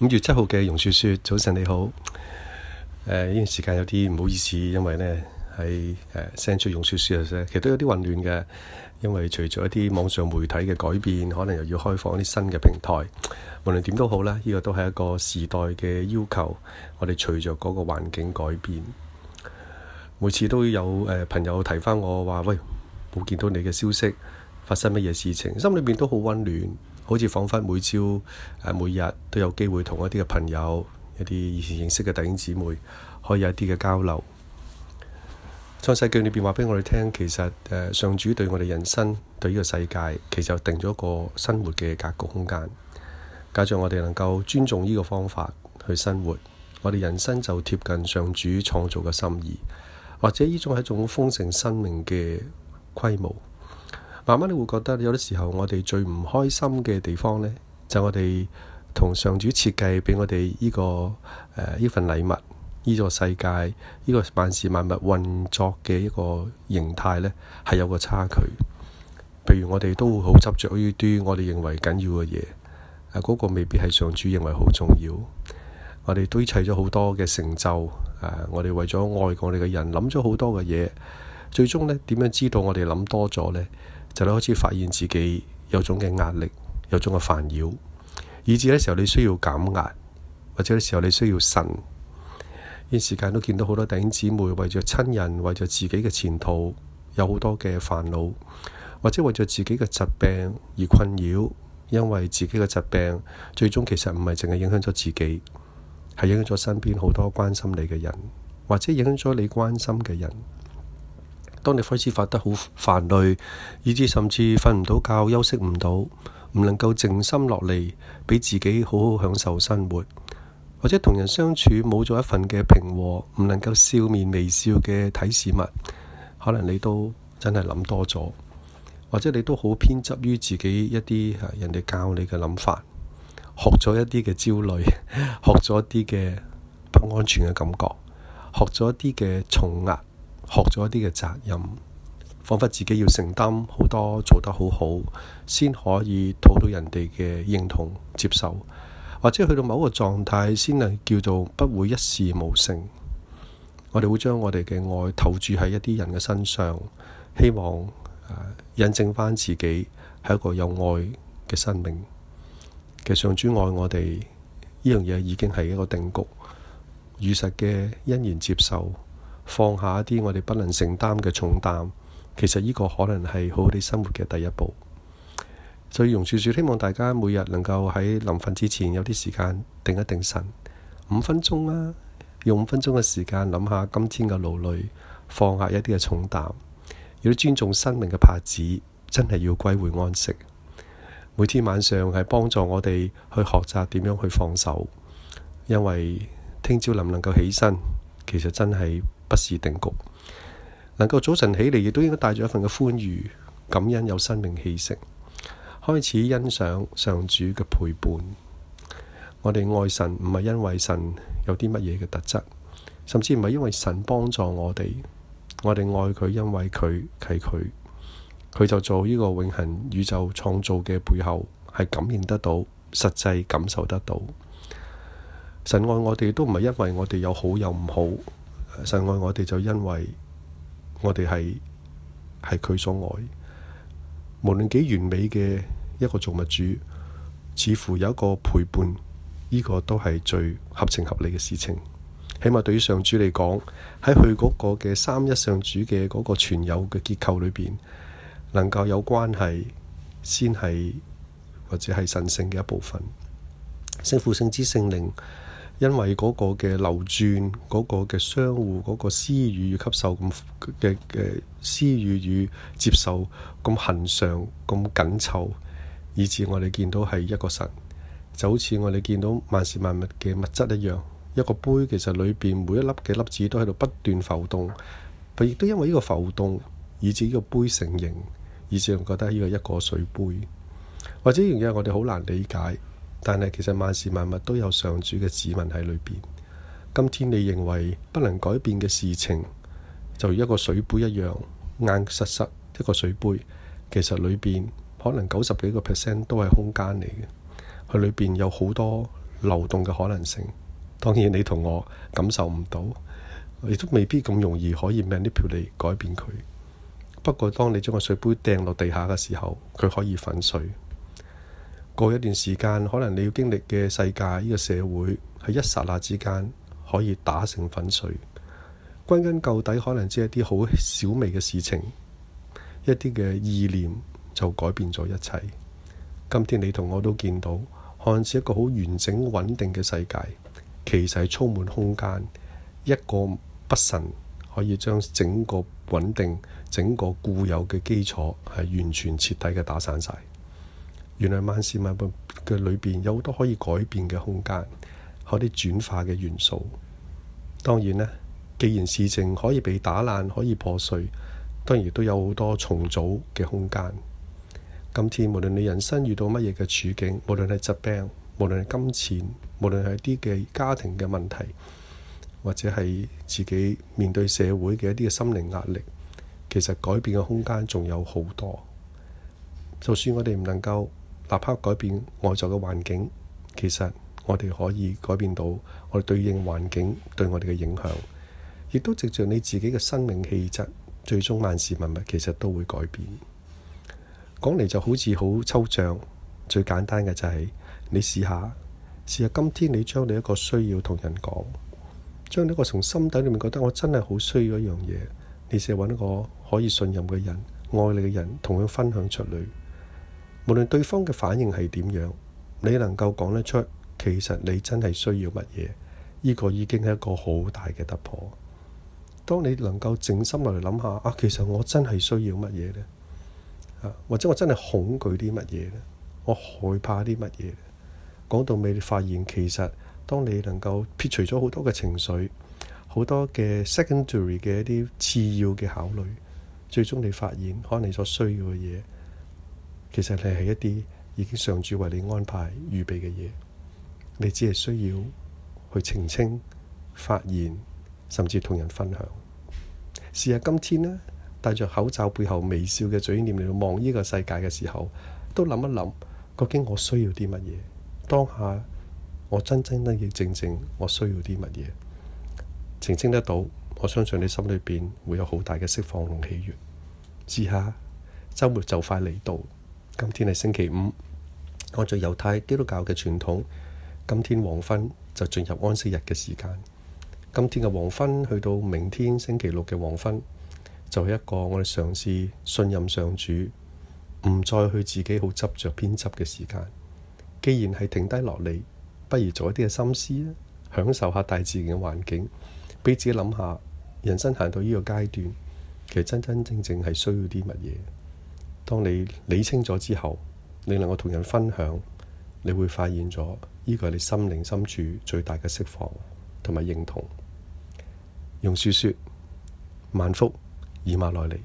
五月七號嘅容雪雪，早晨你好。誒、呃，呢段時間有啲唔好意思，因為咧喺誒 send 出容雪雪嘅啊，其實都有啲混亂嘅。因為隨着一啲網上媒體嘅改變，可能又要開放一啲新嘅平台。無論點都好啦，呢、這個都係一個時代嘅要求。我哋隨着嗰個環境改變，每次都有誒、呃、朋友提翻我話，喂，冇見到你嘅消息，發生乜嘢事情？心裏面都好溫暖。好似彷彿每朝每日都有機會同一啲嘅朋友、一啲以前認識嘅弟兄姊妹，可以有一啲嘅交流。創世記裏邊話畀我哋聽，其實誒上主對我哋人生、對呢個世界，其實定咗一個生活嘅格局、空間。加上我哋能夠尊重呢個方法去生活，我哋人生就貼近上主創造嘅心意，或者呢種係一種豐盛生命嘅規模。慢慢你會覺得有啲時候，我哋最唔開心嘅地方呢，就我哋同上主設計俾我哋呢個，誒呢份禮物，呢座世界，呢個萬事萬物運作嘅一個形態呢，係有個差距。譬如我哋都會好執着於啲我哋認為緊要嘅嘢，啊嗰個未必係上主認為好重要。我哋堆砌咗好多嘅成就，誒、啊，我哋為咗愛過我哋嘅人諗咗好多嘅嘢，最終呢，點樣知道我哋諗多咗呢？就你開始發現自己有種嘅壓力，有種嘅煩擾，以至呢時候你需要減壓，或者呢時候你需要神。呢段時間都見到好多頂姊妹為咗親人，為咗自己嘅前途有好多嘅煩惱，或者為咗自己嘅疾病而困擾，因為自己嘅疾病最終其實唔係淨係影響咗自己，係影響咗身邊好多關心你嘅人，或者影響咗你關心嘅人。當你開始發得好煩累，以至甚至瞓唔到覺、休息唔到，唔能夠靜心落嚟，俾自己好好享受生活，或者同人相處冇咗一份嘅平和，唔能夠笑面微笑嘅睇事物，可能你都真係諗多咗，或者你都好偏執於自己一啲人哋教你嘅諗法，學咗一啲嘅焦慮，學咗一啲嘅不安全嘅感覺，學咗一啲嘅重壓。學咗一啲嘅責任，彷彿自己要承擔好多，做得好好先可以討到人哋嘅認同接受，或者去到某一個狀態先能叫做不會一事無成。我哋會將我哋嘅愛投注喺一啲人嘅身上，希望啊，印證翻自己係一個有愛嘅生命。其實上主愛我哋呢樣嘢已經係一個定局，如實嘅欣然接受。放下一啲我哋不能承擔嘅重擔，其實呢個可能係好好哋生活嘅第一步。所以容，容雪雪希望大家每日能夠喺臨瞓之前有啲時間定一定神五分鐘啦，啊，用五分鐘嘅時間諗下今天嘅勞累，放下一啲嘅重擔，有啲尊重生命嘅拍子，真係要歸回安息。每天晚上係幫助我哋去學習點樣去放手，因為聽朝能唔能夠起身，其實真係。不是定局，能夠早晨起嚟，亦都應該帶住一份嘅歡愉、感恩，有生命氣息，開始欣賞上主嘅陪伴。我哋愛神唔係因為神有啲乜嘢嘅特質，甚至唔係因為神幫助我哋，我哋愛佢，因為佢係佢，佢就做呢個永恒宇宙創造嘅背後，係感應得到，實際感受得到。神愛我哋都唔係因為我哋有好有唔好。神愛我哋就因為我哋係係佢所愛，無論幾完美嘅一個造物主，似乎有一個陪伴，呢、這個都係最合情合理嘅事情。起碼對於上主嚟講，喺佢嗰個嘅三一上主嘅嗰個存有嘅結構裏邊，能夠有關係，先係或者係神聖嘅一部分。聖父聖子聖靈，聖子、聖靈。因為嗰個嘅流轉，嗰個嘅相互，嗰個私語與吸收咁嘅嘅私語與接受咁恆常、咁緊湊，以至我哋見到係一個神，就好似我哋見到萬事萬物嘅物質一樣。一個杯，其實裏邊每一粒嘅粒子都喺度不斷浮動，亦都因為呢個浮動，以至呢個杯成形，以至我覺得呢個一個水杯，或者呢樣嘢我哋好難理解。但係其實萬事萬物都有上主嘅指紋喺裏邊。今天你認為不能改變嘅事情，就如一個水杯一樣，硬實實一個水杯，其實裏邊可能九十幾個 percent 都係空間嚟嘅。佢裏邊有好多流動嘅可能性。當然你同我感受唔到，亦都未必咁容易可以 manipulate 你改變佢。不過當你將個水杯掟落地下嘅時候，佢可以粉碎。過一段時間，可能你要經歷嘅世界，呢、這個社會喺一剎那之間可以打成粉碎。歸根究底，可能只係啲好小微嘅事情，一啲嘅意念就改變咗一切。今天你同我都見到，看似一個好完整穩定嘅世界，其實充滿空間。一個不慎，可以將整個穩定、整個固有嘅基礎係完全徹底嘅打散晒。原來萬事萬物嘅裏邊有好多可以改變嘅空間，嗰啲轉化嘅元素。當然咧，既然事情可以被打爛，可以破碎，當然亦都有好多重組嘅空間。今天無論你人生遇到乜嘢嘅處境，無論係疾病，無論係金錢，無論係一啲嘅家庭嘅問題，或者係自己面對社會嘅一啲嘅心靈壓力，其實改變嘅空間仲有好多。就算我哋唔能夠。哪怕改變外在嘅環境，其實我哋可以改變到我哋對應環境對我哋嘅影響，亦都藉著你自己嘅生命氣質，最終萬事萬物，物其實都會改變。講嚟就好似好抽象，最簡單嘅就係、是、你試下試下，試下今天你將你一個需要同人講，將呢個從心底裡面覺得我真係好需要一樣嘢，你試下揾一個可以信任嘅人、愛你嘅人，同佢分享出嚟。無論對方嘅反應係點樣，你能夠講得出，其實你真係需要乜嘢？呢個已經係一個好大嘅突破。當你能夠靜心落嚟諗下，啊，其實我真係需要乜嘢呢？啊，或者我真係恐懼啲乜嘢呢？我害怕啲乜嘢？講到尾，你發現其實，當你能夠撇除咗好多嘅情緒、好多嘅 secondary 嘅一啲次要嘅考慮，最終你發現，可能你所需要嘅嘢。其實你係一啲已經上主為你安排預備嘅嘢，你只係需要去澄清、發現，甚至同人分享。試下今天呢，戴着口罩背後微笑嘅嘴臉嚟到望呢個世界嘅時候，都諗一諗究竟我需要啲乜嘢？當下我真真正正，我需要啲乜嘢？澄清得到，我相信你心裏邊會有好大嘅釋放同喜悅。試下周末就快嚟到。今天係星期五，按照猶太基督教嘅傳統，今天黃昏就進入安息日嘅時間。今天嘅黃昏去到明天星期六嘅黃昏，就係一個我哋嘗試信任上主，唔再去自己好執着偏執嘅時間。既然係停低落嚟，不如做一啲嘅心思，享受下大自然嘅環境，俾自己諗下人生行到呢個階段，其實真真正正係需要啲乜嘢。當你理清楚之後，你能夠同人分享，你會發現咗呢個係你心靈深處最大嘅釋放同埋認同。用樹說：萬福以馬內利。